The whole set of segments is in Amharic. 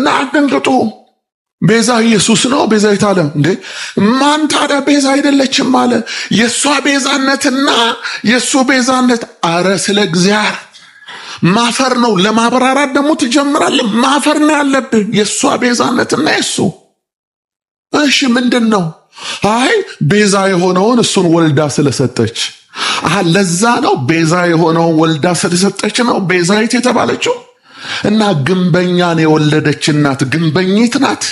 እና አደንግጡ። ቤዛ ኢየሱስ ነው። ቤዛ የታለም እንዴ? ማን ታዲያ ቤዛ አይደለችም አለ። የእሷ ቤዛነትና የእሱ ቤዛነት አረ ስለ እግዚአብሔር ማፈር ነው። ለማብራራት ደግሞ ትጀምራለ ማፈር ነው ያለብህ፣ የእሷ ቤዛነትና የእሱ እሺ፣ ምንድን ነው? አይ ቤዛ የሆነውን እሱን ወልዳ ስለሰጠች ለዛ ነው። ቤዛ የሆነውን ወልዳ ስለሰጠች ነው ቤዛዊት የተባለችው። እና ግንበኛን የወለደች እናት ግንበኝት ናት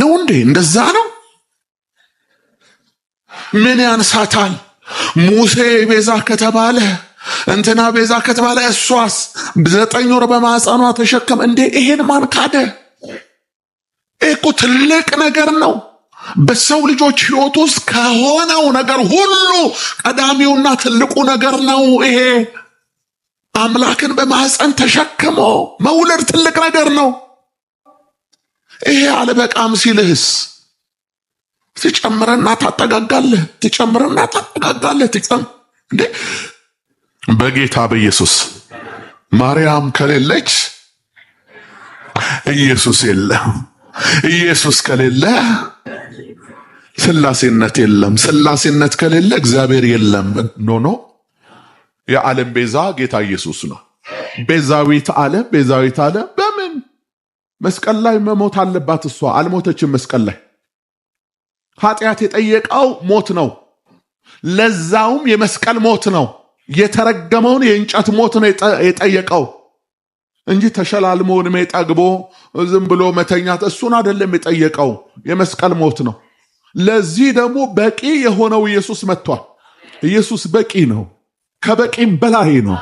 ነው እንዴ? እንደዛ ነው። ምን ያንሳታል? ሙሴ ቤዛ ከተባለ እንትና ቤዛ ከተባለ እሷስ ዘጠኝ ወር በማህፀኗ ተሸከም እንዴ? ይሄን ማን ካደ? እኮ ትልቅ ነገር ነው። በሰው ልጆች ህይወት ውስጥ ከሆነው ነገር ሁሉ ቀዳሚውና ትልቁ ነገር ነው ይሄ። አምላክን በማህፀን ተሸክሞ መውለድ ትልቅ ነገር ነው። ይሄ አልበቃም ሲልህስ ትጨምረና ታጠጋጋለህ፣ ትጨምረና ታጠጋጋለህ። ትጨም እንዴ! በጌታ በኢየሱስ ማርያም ከሌለች ኢየሱስ የለም። ኢየሱስ ከሌለ ስላሴነት የለም። ስላሴነት ከሌለ እግዚአብሔር የለም። ኖ ኖ የዓለም ቤዛ ጌታ ኢየሱስ ነው። ቤዛዊት ዓለም ቤዛዊት ዓለም በምን መስቀል ላይ መሞት አለባት? እሷ አልሞተችም። መስቀል ላይ ኃጢአት የጠየቀው ሞት ነው። ለዛውም የመስቀል ሞት ነው። የተረገመውን የእንጨት ሞት ነው የጠየቀው እንጂ ተሸላልሞ ዕድሜ ጠግቦ ዝም ብሎ መተኛት እሱን አይደለም የጠየቀው፣ የመስቀል ሞት ነው። ለዚህ ደግሞ በቂ የሆነው ኢየሱስ መጥቷል። ኢየሱስ በቂ ነው። ከበቂም በላይ ነው።